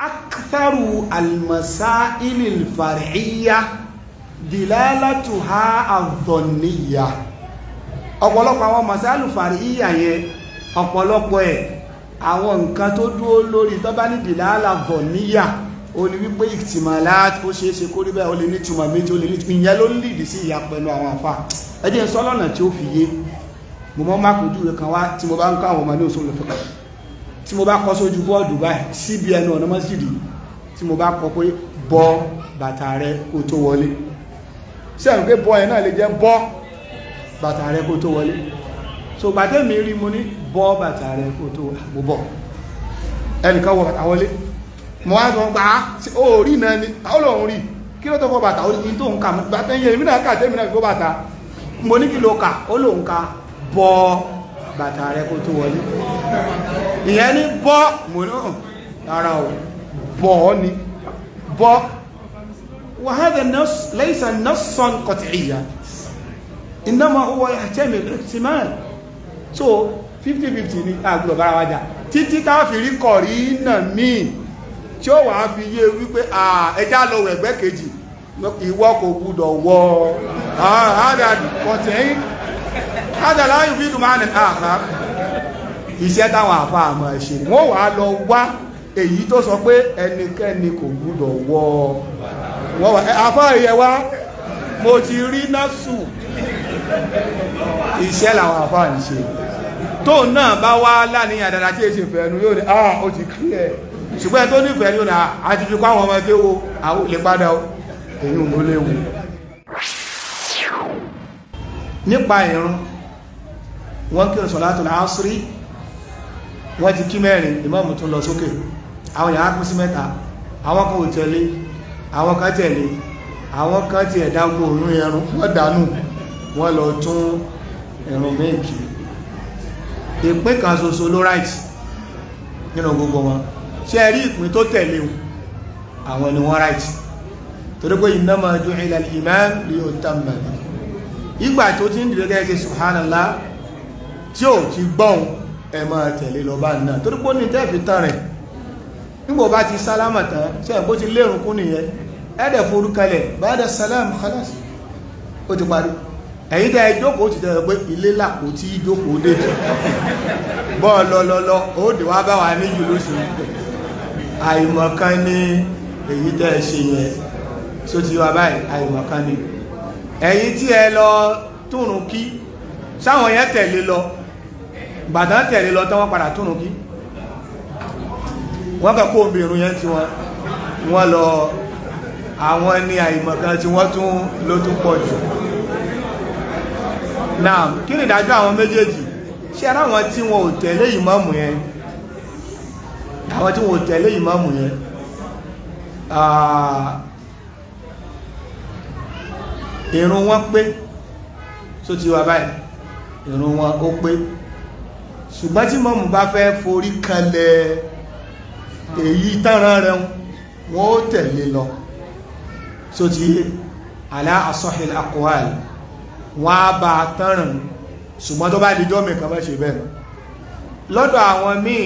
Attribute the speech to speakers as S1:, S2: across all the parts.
S1: أكثر المسائل الفرعية دلالتها الظنية. ọ̀pọ̀lọpọ̀ àwọn masáìlì far'iyya yẹn ọ̀pọ̀lọpọ̀ ẹ̀ àwọn nǹkan tó dúró lórí tó bá ní dìlálà adhanniya ó ní wípé ìtìmọ̀lá ó ṣeé ṣe kó rí bẹ́ẹ̀ ó lè ní túmọ̀ méjì ó lè ní túmọ̀ ìyẹn ló ń lìdí sí ìyá pẹ̀lú àwọn àfa ẹ jẹ́ n tí ó fi yé mo mọ́ má kojú rẹ̀ kan wá tí mo bá ń kọ́ àwọn ọmọ ní òṣòlù fẹ́kọ̀ọ́ tí mo bá kọ́ sójú bọ́ọ̀dù báyìí síbi ẹnu ọ̀nà mọ́sídì tí mo bá kọ́ pé bọ́ bàtà rẹ kó tó wọlé sẹ́yìn pé bọ́ ẹ náà lè jẹ́ bọ́ bàtà rẹ kó tó wọlé so gbàtẹ́ mi rí mo ní bọ́ bàtà rẹ kó tó àgbò bọ̀ ẹnìkan wọ bàtà wọlé mo wá sọ gbà ah, á ah, ó rí náà ni ó lòun rí kí ló tó kọ bàtà ó ní tó ń kà mọ́ gbàtẹ́ yẹn èmi náà kà tẹ́mi náà gbó bàtà mo ní kí ló kà ó lòun ka bọ́ bàtà rẹ kó tó wọlé ìyẹn ní bọ́ mo ní ara oh, ò bọ́ ọ ni bọ́ wàhálà lẹ́yìn nọ́sàn kọ̀tìyà ìnáma owó àtẹ́mì ìtìmáà so fifty fifty ni àgbọ̀dọ̀ bára wájà títí táwọn fi rí kọ̀rí náà míì tí ó wàá fi yé wípé ẹja lọ wẹ̀gbẹ́ kejì ìwọ kò gbúdọ̀ wọ ọ̀hún àdàdì kọ̀tìyìn àdàlá yìí fi dùn máa nìkan àkàrà iṣẹ́ táwọn àfa àmọ́ ṣe wọ́n wàá lọ wá èyí tó sọ pé ẹnikẹ́ni kò gbúdọ̀ wọ wọ́n wà mo ti rí násù iṣẹ́ làwọn àfa ń ṣe tóun náà bá wá láníyàn dáadáa tí èsì ìfẹ́ ẹnu yóò ní ah ó ti clear ṣùgbọ́n tó nífẹ̀ẹ́ yóò ní àti fi kọ́ àwọn ọmọ ẹgbẹ́ wo àwọn olè padà èyí ò ló léwu nípa ìrun wọ́n kí n sọ̀látùl ásírì wọ́n ti kí mẹ́rin ìmáàmù tún lọ sókè àwọn yàrá kún sí mẹ́ta àwọn kan ò tẹ̀lé àwọn kan tẹ̀lé àwọn kan ti ẹ̀dá gbò òórùn ẹrun wọ́n dànù wọ́n lọ tún ẹ̀rùn méjì ìpín kan ṣoṣo ló right nínú gbogbo wọn ṣe rí ìpín tó tẹ̀lé àwọn ni wọ́n right torí pé innama ju'ila al-imam liyutamma bihi ìgbà tó ti ń dìde gẹ́gẹ́ sí subhanallah tí ò ti gbọ́hùn ẹ máa tẹ̀lé lọ bá náà torí pé ní tẹ́ẹ̀fì tán rẹ̀ nígbò bá ti sálámà tán ṣe ẹ̀bó ti lérùn kún nìyẹn ẹ̀dẹ̀ forúkalẹ̀ báyẹ̀dẹ̀ sálámù khalas ó ti parí ẹ̀yìn tẹ́ ìjókòó ti tẹ́ pé ilé làkó tí ìjókòó dé bọ́ lọlọlọ ó dè wá bá wà ní jùlọ sí àìmọ̀kan ní èyí tẹ́ ṣe yẹn só ti wá báyìí àìmọ̀kan ní ẹ̀yìn tí ẹ lọ túrùn kí sáwọn yẹn tẹ̀lé lọ gbàdán tẹ̀lé lọ tán wọ́n padà túnú kí wọ́n kà kó obìnrin yẹn tí wọ́n wọ́n lọ àwọn ní àìmọ̀kan tí wọ́n tún ló tún pọ̀ jù náà kí ni ìdájọ́ àwọn méjèèjì ṣé ara àwọn tí wọn ò tẹ̀lé ìmáàmù yẹn àwọn tí wọn ò tẹ̀lé ìmáàmù yẹn ìrun ah, wọn pé tó ti wà báyìí ìrun wọn ó pé ṣùgbọ́n tí mọ́mù bá fẹ́ forí kanlẹ̀ èyí tánran rẹ̀ wọ́n ó tẹ̀lé lọ so ti alá asọ́hìl akọ́wàl wọ́n á bá tánran ṣùgbọ́n tó bá dìjọ́ mẹ́kan mọ́ ṣe bẹ́ẹ̀ lọ́dọ̀ àwọn míì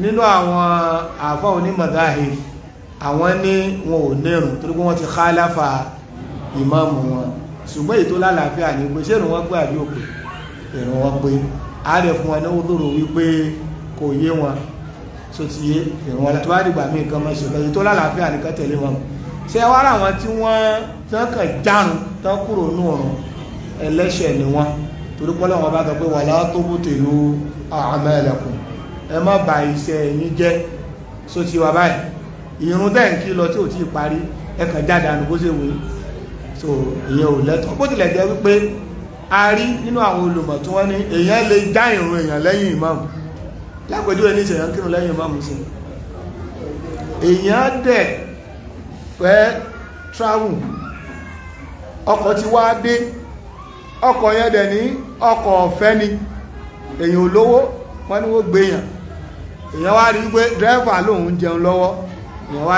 S1: nínú àwọn àfọ́ onímọ̀dáhì àwọn ní wọn ò nírùn torí wọ́n ti khalafa ìmáàmù wọn ṣùgbọ́n ètò lálàáfíà ní pé ìrùn wọn pé àbí òpè ìrùn wọn pé ààrẹ fún wọn ní ó dòrò wípé kò yé wọn so ti yé ìrún tó bá dìgbà míì kan mọ́ ṣe lọ́yìn tó lálàáfíà nìkan tẹ̀lé wọn ṣe wá ra àwọn tí wọ́n tán kàn járun tán kúrò ní ọ̀run ẹlẹ́ṣẹ̀ ni wọ́n torí pọ́lọ́ wọn bá sọ pé wàlá tó bú tèlú àmẹ́lẹ̀kùn ẹ má ba iṣẹ́ yín jẹ́ so ti wà báyìí ìrún dẹ́n kí lọ tí ò tí ì parí ẹ kàn jáde àná bó ṣe wù so ìyẹn ò lẹ́tọ̀ọ́ bó tilẹ̀ jẹ́ wípé a rí nínú àwọn olùmọ̀ tó wọ́n ní èyàn lè dá lẹ́yìn ìmáàmù ẹni ìṣẹ̀yàn lẹ́yìn ìmáàmù sí èyàn dẹ̀ fẹ́ ọkọ̀ ti wá dé ọkọ̀ yẹn dẹ̀ ní ọkọ̀ ọ̀fẹ́ ni olówó wọ́n wó wá rí pé lòun jẹun lọ́wọ́ wá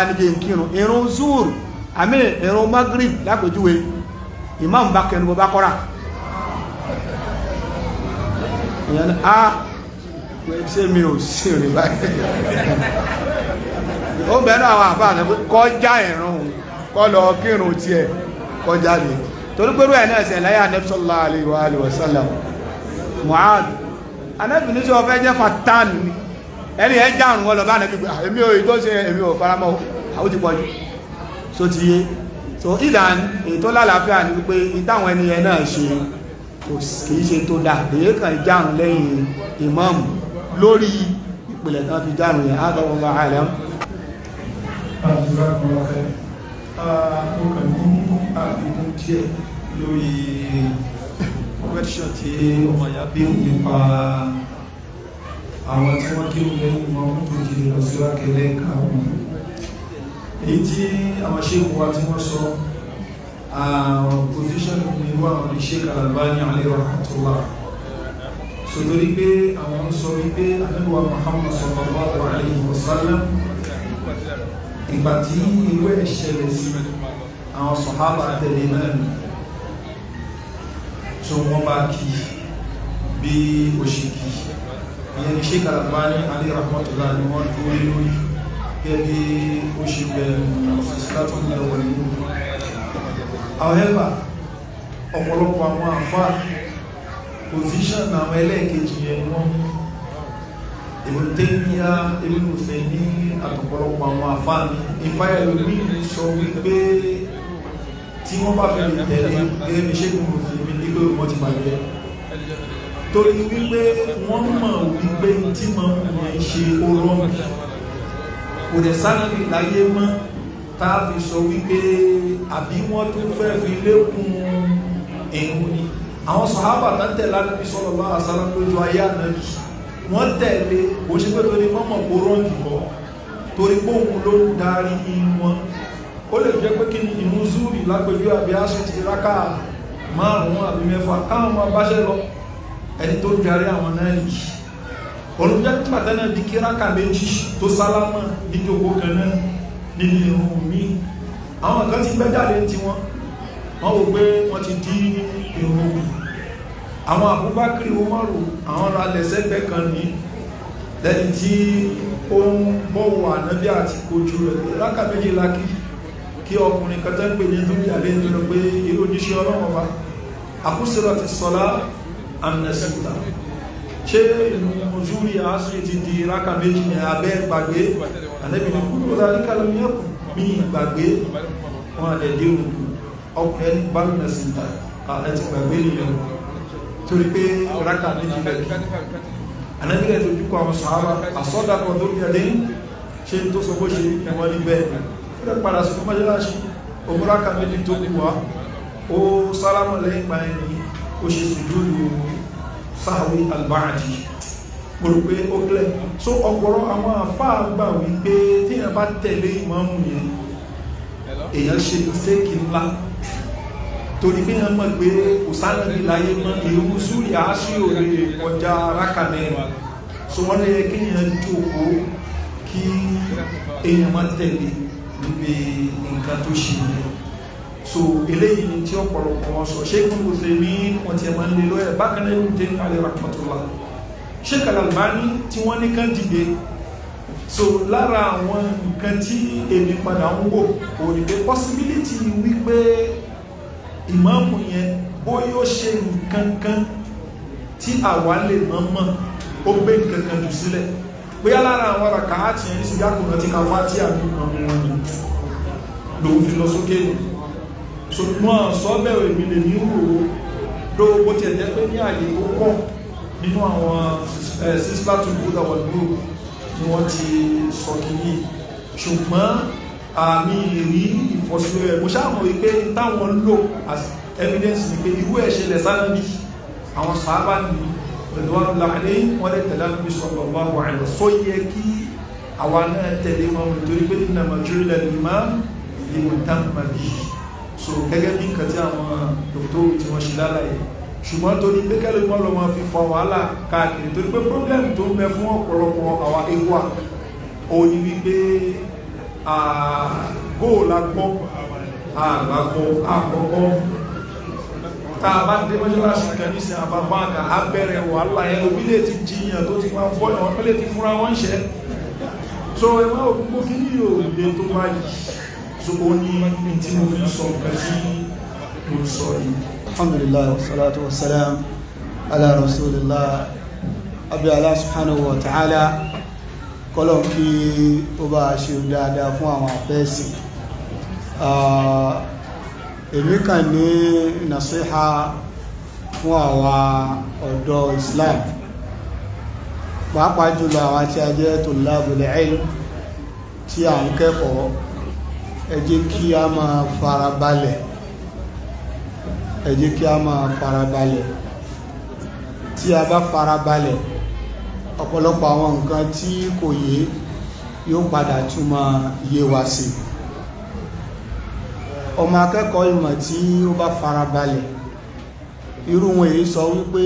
S1: zuru àmì magrib imam bá ìyẹn ni a ah, ṣé mi ò sí rìn báyìí ó bẹ̀rẹ̀ àwọn àfáàní pé kọjá ìrun kọ́ lọ kírun tiẹ̀ kọjá mi torí pé rúẹ̀ náà ṣẹlẹ̀ yà nẹ́bí sọ́lá àlèwà àlèwà sálà Mu'ad anábì sọ fẹ́ jẹ́ fatan ni ẹni ẹ járùn wọn lọ bá anábì gbà ah, èmi ò ìjọ ṣe èmi ò faramọ́ àwọn ti pọ̀jù so ti yé so ìlànà ètò lálàáfíà ni wípé ìtàwọn ẹni ẹ náà ṣe kò sí ṣe tó dà èyí kan járun lẹ́yìn ìmáàmù lórí ìpìlẹ̀ kan fi járun yẹn ágbàwọ̀ bá àlẹ́
S2: lórí question tí ọmọ ìyá bí nípa àwọn tí wọ́n kí lórí ìmọ̀ tó di lọ sí wákẹ́lẹ́ èyí tí àwọn ṣe wà tí wọ́n sọ position irú àwọn Sheikh Al-Albani alayhi rahmatullah sotori pé àwọn sọ wípé anáwó Muhammad sallallahu alayhi wa sallam ìgbà tí irú ẹ̀ ṣẹlẹ̀ sí àwọn sọ̀hábà tẹ̀lé náà ni tó wọ́n bá kí bí ó ṣe kí ìyẹn ni Sheikh Al-Albani alayhi rahmatullah ni wọ́n tó lórí gẹ́gẹ́ bí ó ṣe bẹ̀rẹ̀ ọ̀sán sílátọ̀ ní ọwọ́ ìlú however ọ̀pọ̀lọpọ̀ àwọn àfá position àwọn ẹlẹ́ẹ̀kejì yẹn wọ́n èmi tẹ́yìnà èmi ò fẹ́ ní àtọ̀pọ̀lọpọ̀ àwọn àfá mi ìfáyà lómi sọ wípé tí wọ́n bá fẹ́ lè tẹ̀lé gẹ́gẹ́ bí ṣẹ́gun òfin mi nígbè wọ́n ti bàjẹ́ torí wípé wọ́n mọ̀ wípé tí mọ̀ ń ṣe orọ́ kò dẹ̀ sáré láyé mọ́ tá a fi sọ wípé àbí wọ́n tún fẹ́ fi lékun ẹ̀hún ni àwọn sàhábà tó ń tẹ̀lé ànábì sallallahu alaihi wasallam lójú ayé ànábì wọ́n tẹ̀lé òṣèpẹ́ tó ní mọ́mọ́ kó rọ́ǹdì bọ́ torí pé òun ló ń darí wọn ó lè jẹ́ pé kí ni ìrun zúrì lágbèjú àbí aṣèjì rákà márùn-ún àbí mẹ́fà káwọn máa báṣẹ́ lọ ẹni tó darí àwọn náà yìí olùjẹ́ pàtẹ́ náà di kí rákà méjì tó sálámà níjókòó kan náà nílé ohun mi àwọn kan ti gbẹ́jáde tí wọ́n wọ́n wò pé wọ́n ti dí èrò àwọn àbúbákiri umaru àwọn ra lẹ́sẹ̀gbẹ́ kan ní lẹ́ni tí ó ń bọ̀wọ̀ ànábí àti kojú rẹ̀ láka méjì lákì kí ọkùnrin kan tẹ́ ń pè ní lórí àlẹ́ ìjọba pé irú oníṣẹ́ ọlọ́wọ́n wa àkúsọ̀rọ̀ ti sọ̀lá amnesita ṣé ìlú mọ̀zúrí àásùn ti di ráka méjì ní abẹ́ gbàgbé àlẹ́bí ní kúrò lárí kálọ́mí ẹ̀kùn mi ìgbàgbé wọn àdẹ̀dẹ̀ òkú ọkùnrin ẹni bá lùnà sí ìta àti ìgbàgbé nìyẹn torí pé rákà méjì lẹ́kì àlẹ́bí rẹ̀ tó dúkọ àwọn sàárà àsọ́dàkọ̀ tó rí ẹdín ṣe tó sọ bó ṣe ẹ̀wọ́n ní bẹ́ẹ̀ ó rẹ̀ padà sí mọ́jọ́láṣí òun rákà méjì tó kù wá ó sálámọ̀ lẹ́yìn pa ẹni ó ṣe sùdúrù sáàwé albáàdì mo rò pé ó clear so ọ̀pọ̀rọ̀ àwọn àfáà gbà wípé téèyàn bá tẹ̀lé ìmáàmù yẹn èèyàn ṣe mistake ńlá torí bí wọn mọ̀ pé òsánà bí láyé mọ́ ìrú súrì àásì òde ọjà rákà mẹ́rin so wọ́n lè kéèyàn jókòó kí èèyàn má tẹ̀lé níbi nǹkan tó ṣe yẹn so eléyìí ni tí ọ̀pọ̀lọpọ̀ wọn sọ ṣé kí wọ́n ṣe ní wọ́n ti ẹ̀ máa ń lè lọ́yẹ̀ bákan náà ń dé alẹ́ rahmatullah Sheikh Al-Albani tí wọ́n ní kán dìde so lára àwọn nǹkan tí èmi padà ń wò kò ní pé possibility wípé ìmáàmù yẹn bóyá ó ṣe nǹkan kan tí àwa lè mọ̀ mọ̀ ó gbé nǹkan kan jù sílẹ̀ bóyá lára àwọn ọ̀rọ̀ kàáàtì yẹn nísìnyí àkùnrin ti ka fáti àmì ọmọ wọn ni lòun fi lọ sókè nù so wọn sọ bẹ́ẹ̀ èmi lè ní wò ó lówó bó tiẹ̀ jẹ́ pé ní àyè tó pọ̀ nínú àwọn sísílá tó gbọ́dọ̀ wọ̀ gbòòrò ni wọ́n ti sọ kìíní ṣùgbọ́n àmì ìrí ìfọ̀síwẹ̀ mo ṣáàmọ̀ wípé táwọn lò as evidence ni pé irú ẹ̀ ṣẹlẹ̀ sáàbí àwọn sàábà ní rẹ̀dọ́nù láàrin wọ́n lè tẹ̀lá ní sọ̀rọ̀ bá wà ní só yẹ kí àwa náà tẹ̀lé wọn nítorí pé nínú nàìjíríà lẹ́nu má ìdíwọ̀n tán màbí so gẹ́gẹ́ bí nǹkan tí àwọn dòkítọ́rù tí wọ́n ṣe lálàyé ṣùgbọ́n torí pé kẹ́lẹ́ mọ́ lọ́mọ fi fa wàhálà káàkiri torí pé problem tó ń bẹ fún ọ̀pọ̀lọpọ̀ àwa ewu à òun ni wípé góòlù agbọ́ àgbàgbọ́ àkọ́kọ́ tá a bá dé mọ́ṣáláṣí kan nísìn àbábá àgbà abẹ́rẹ́ wàhálà yẹn omi lè ti jiyàn tó ti máa ń fọyàn wọn lè ti fúnra wọn ṣẹ so ẹ má òkú kó kí ni yóò lè tó báyìí so ó ní ní tí mo fi sọ nǹkan tí mo sọ
S1: yìí alhamdulillah wassalatu wassalam ala rasulillah abi Allah subhanahu wa ta'ala kọlọ̀n kí ó bá ṣe dáadáa fún àwọn àfẹ́ẹ̀sì ah, èmi kàn ní nasiha fún àwa ọ̀dọ́ Islam pàápàá jùlọ àwọn tí a jẹ́ tulabul ilm tí a ń kẹ́kọ̀ọ́ ẹ jẹ́ kí a máa farabalẹ̀ ẹ jẹ́ kí a máa farabalẹ̀ tí a bá farabalẹ̀ ọ̀pọ̀lọpọ̀ àwọn nǹkan tí kò yé yóò padà túmọ̀ yé wa sí ọmọ akẹ́kọ̀ọ́ ìmọ̀ tí ó bá farabalẹ̀ irú wọn èyí sọ wípé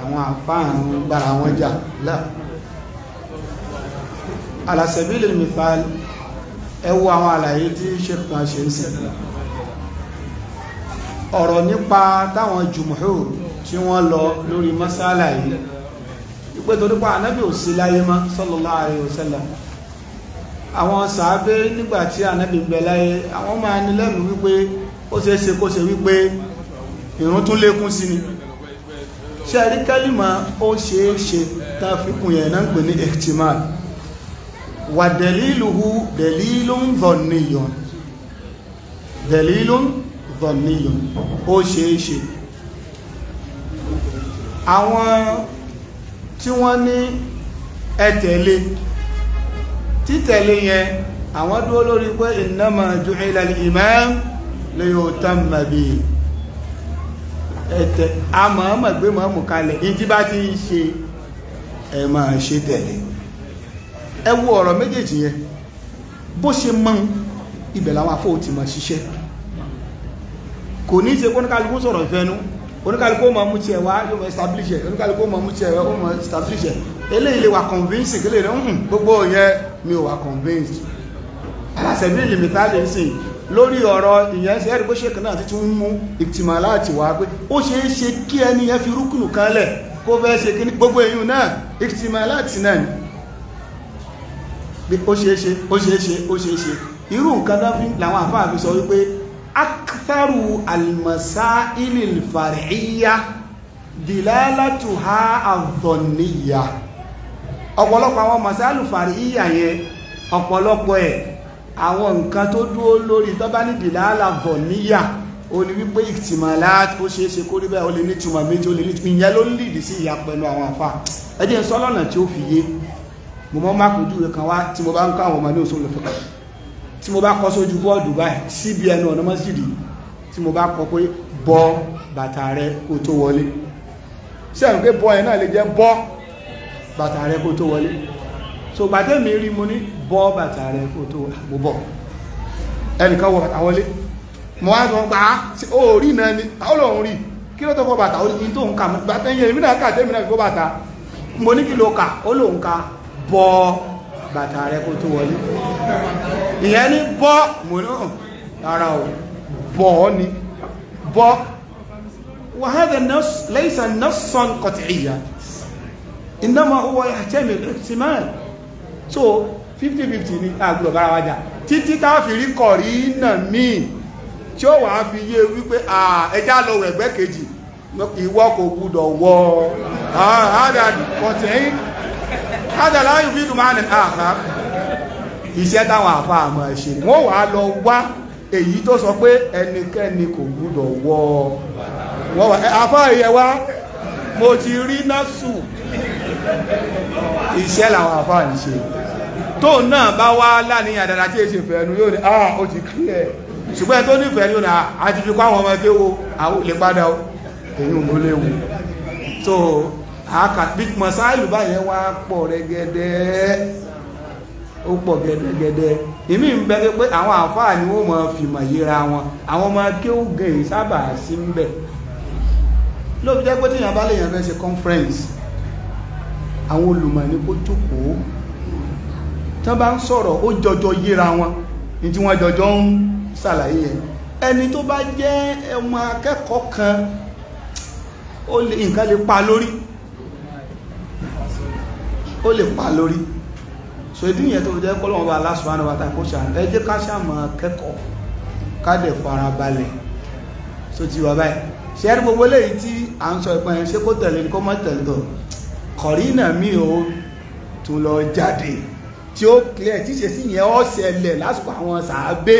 S1: àwọn àǹfààní gbára wọn jà láà alasẹ̀bílẹ̀ mìfà ẹ wo àwọn àlàyé tí ṣe kan ṣe ń sìn ọ̀rọ̀ nípa táwọn jùmọ̀hóòrò tí wọ́n lọ lórí masala yìí wípé torí pa ànábì ò sí láyé mọ́ sallallahu alaihi wasallam àwọn sàábé nígbà tí ànábì ń bẹ láyé àwọn máa ní lẹ́nu wípé ó ṣe é ṣe kó ṣe wípé ìrun tún lékún sí ni ṣe rí kálímà ó ṣe é ṣe tá a yẹn náà pè ní ihtimal wà dẹ̀lílùú dẹ̀lílùú ń dọ̀níyàn ó ṣeé ṣe àwọn tí wọ́n ní ẹ̀tẹ̀lé títẹ̀lé yẹn àwọn dúró lórí pé innama ju'ila al-imam li yutamma bihi ẹ̀tẹ̀ amọ̀ọ́mọ̀ gbé mọ̀ọ́mù kalẹ̀ ìdí bá ti ń ṣe ẹ máa ṣe tẹ̀lé ẹ wo ọ̀rọ̀ méjèèjì yẹn bó ṣe mọ́ ibẹ̀ làwọn afọ́ ti máa ṣiṣẹ́ kò ní í ṣe kóníkàlùkù sọ̀rọ̀ ìfẹ́nu oníkàlùkù ó máa mú tiẹ̀ wá yóò máa establish ẹ̀ oníkàlùkù ó máa mú tiẹ̀ wá ó máa establish ẹ̀ eléyìí lè wà convinced kí lè rí hùn hmm, gbogbo yẹn mi ò wà convinced aláṣẹ bí limited lè sìn lórí ọ̀rọ̀ ìyẹn ṣe ẹ̀rí bó ṣe kan náà ti tún mú ìtìmọ̀ láti wá pé ó ṣe é ṣe kí ẹni yẹn fi rúkùnù kan lẹ̀ kó fẹ́ ṣe kí ní gbogbo èyí náà ìtìmọ̀ láti náà ni ó ṣe é ṣe ó ṣe é ṣe ó ṣe é ṣe irú nǹkan náà làwọn àfáà fi sọ wípé أكثر المسائل الفرعية دلالتها adh-dhanniyya ọ̀pọ̀lọpọ̀ àwọn masáìlì far'iyya yẹn ọ̀pọ̀lọpọ̀ ẹ̀ àwọn nǹkan tó dúró lórí tó bá ní dìlálà dhanniyya ó ní wípé ìtìmọ̀lá ó ṣeé ṣe kó rí bẹ́ẹ̀ ó lè ní túmọ̀ méjì ó lè ní ìyẹn ló ń lìdí sí ìyapẹnu àwọn àfa ẹ jẹ́ tí ó fi yé mo mọ́ má kojú rẹ̀ kan wá tí mo bá ń kọ́ àwọn ọmọ ní òṣèlú fẹ́kọ̀ọ́ tí mo bá kọ́ sójú bọ́ọ̀dù báyìí síbi ẹnu ọ̀nà mọ́sídìí tí mo bá kọ́ pé bọ́ bàtà rẹ kó tó wọlé ṣé ẹ̀rùn pé bọ́ ẹ̀ náà lè jẹ́ bọ́ bàtà rẹ kó tó wọlé so gbàtẹ́ mi rí mo ní bọ́ bàtà rẹ kó tó àgbóbọ̀ ẹnìkan wọ bàtà wọlé mo wá sọ pa ó rí náà ni ọlọ́run rí kí ló tó kọ bàtà ó ní tó ń kà mọ́ gbàtẹ́ yẹn èmi náà kà tẹ́mi náà kó bàtà mo ní kí ló kà ó lóun ka bọ́ bàtà rẹ kó tó wọlé ìyẹn ní bọ́ mọ̀nà ara ò bọ́ ni bọ́ وهذا النص ليس نصا قطعيا انما هو يحتمل احتمال so 50-50 ni àgbọ̀ bára wa jà títí tá fi rí kọ̀rí náà míì tí ó wàá fi yé wípé ẹjá lọ wẹ̀gbẹ́ kejì ìwọ kò gbúdọ̀ wọ hádà kọ̀tẹ́yìn hádà láyé fi dùn máa nì àhá iṣẹ́ táwọn àfa àmọ́ ṣe wọ́n wà á lọ wá èyí tó sọ pé ẹnikẹ́ni kò gbúdọ̀ wọ wọ́n wà àfa ìyẹn wá mo ti rí násù iṣẹ́ làwọn àfa ń ṣe tóun náà bá wá láníyàn dáadáa tí èsì ìfẹ́ yóò ní ah ó ti clear ṣùgbọ́n ẹni tó nífẹ̀ẹ́ ní ọ̀nà àti ah, fi kọ́ àwọn ọmọ wo àwọn olè padà ó èyí ò lè wù so àkàtúntì mọ̀sáìlú báyẹn wá pọ̀ rẹ́gẹ́dẹ́ ó pọ̀ gẹ́dẹ́gẹ́dẹ́ èmi ń bẹ pé àwọn àfáà ni wọ́n mọ fìmọ̀ yíra wọn àwọn ọmọ kéwù gẹ̀ẹ́ sábà sí ń bẹ̀ lóbi jẹ́ pé tíyàn bá lè yàn fẹ́ ṣe conference àwọn olùmọ̀ ní kó jókòó tán bá ń sọ̀rọ̀ ó jọjọ yíra wọn ní tí wọ́n jọjọ ń ṣàlàyé yẹn ẹni tó bá jẹ́ ọmọ akẹ́kọ̀ọ́ kan ó lè nǹkan lè pa lórí ó lè pa lórí so ìdí yẹn tó jẹ́ kọ́lọ́wọ́n bá Allah subhanahu wa ta'ala kó ṣàn ẹ jẹ́ ká ṣàmọ̀ kẹ́kọ̀ọ́ ká dẹ̀ fara balẹ̀ so ti wà báyìí ṣe é gbogbo léyìí tí à ń sọ ìpín ẹ̀ ṣé kó tẹ̀lé kó mọ̀ tẹ̀lé tó kọ̀rínà mi ò tún lọ jáde tí ó clear tí ṣe sí yẹn ó lásìkò àwọn sàábé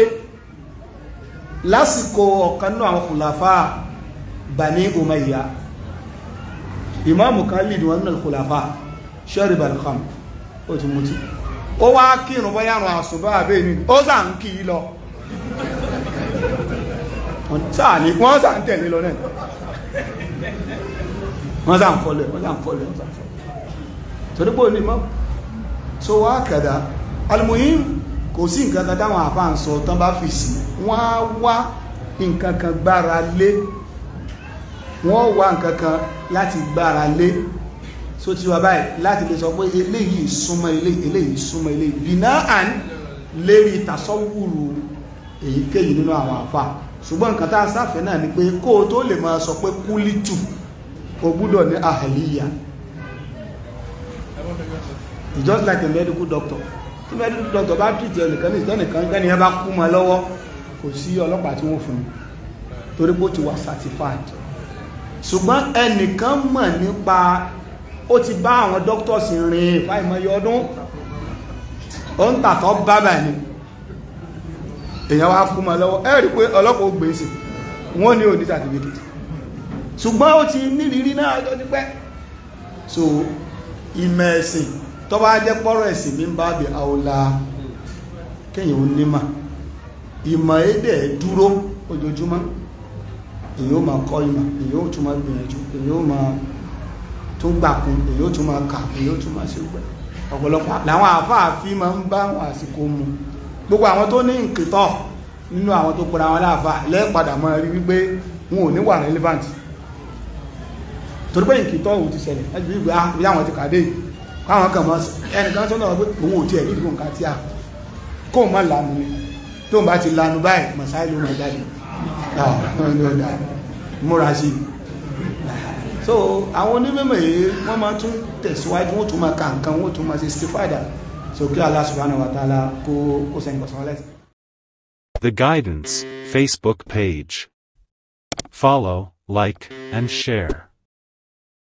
S1: lásìkò ọ̀kan náà àwọn kùlàfà Bani Umayya ìmáàmù kan lè ní wọn náà kùlàfà shariba al-khamr ó ti mutí ó wá kírun bóyá àrùn àsùnbọ́ àbẹ́ mi ó sà ń kì í lọ wọ́n sà ń tẹ̀lé lọ náà wọ́n sà ń fọ́lẹ̀ wọ́n sà ń fọ́lẹ̀ wọ́n sà ń fọ́lẹ̀ torí pé onímọ̀ so wá kẹ̀dá almuhim kò sí nǹkan kan táwọn àfa tán bá fi sí wọ́n á wá nǹkan kan gbára lé wọ́n wá nǹkan kan láti gbára lé so ti wà báyìí láti lè sọ pé eléyìí súnmọ́ eléyìí súnmọ́ eléyìí bìnà àn lérí tàṣọ́wùrù èyíkéyìí nínú àwọn àfà ṣùgbọ́n nǹkan tá a sáfẹ́ náà ni pé kó o tó lè máa sọ pé kúlítù o gbúdọ̀ ní àhàlíyà it's just like a medical doctor tí medical doctor bá treat ẹnìkan ní ìtẹ́nìkan gbẹ́ni ẹ bá kú mọ́ lọ́wọ́ kò sí ọlọ́pàá tí wọ́n fún un torí pé ó ti wà certified ṣùgbọ́n ẹnìkan mọ̀ nípa ó ti bá àwọn doctors rìn fáìmọye ọdún ó ń tàtọ́ bábà ni èèyàn wá kú mọ́ lọ́wọ́ ẹ rí pé ọlọ́pàá ó gbèsè e wọ́n ní òní certificate ṣùgbọ́n ó ti nírírí náà ọjọ́ ti so ìmọ̀ ẹ̀sìn tó bá jẹ́ pọ́rọ̀ ẹ̀sìn ní bá bẹ̀ àwòlà kéèyàn ó ní mà ìmọ̀ èdè dúró ojoojúmọ́ èyí ó máa kọ́ ìmọ̀ èyí ó tún gbìyànjú èyí ó máa tó ń gbà kún èyí ó tún máa kà èyí ó tún máa ṣe gbẹ ọ̀pọ̀lọpọ̀ làwọn àfáàfí máa ń bá àwọn àsìkò mu gbogbo àwọn tó ní ìkìtọ̀ nínú àwọn tó pẹ̀lú àwọn aláàfáà lẹ́ẹ̀padà mọ́ rí wípé wọn ò ní wà relevant torí pé ìkìtọ̀ ò ti ṣẹlẹ̀ láti bí ìgbà bí àwọn ti kàdé káwọn kan mọ́ ẹnìkan tó náà pé òun ò tiẹ̀ rí ìdíkùn ká tí a kó o má lanu ni tó o bá ti lanu báyìí mọ̀sáì ló mọ̀ jáde ah, so àwọn onímọ̀ yìí wọ́n máa tún wọ́n tún ka wọ́n tún ṣe so kí Allah subhanahu wa ta'ala kó
S2: The Guidance Facebook page. Follow, like, and share.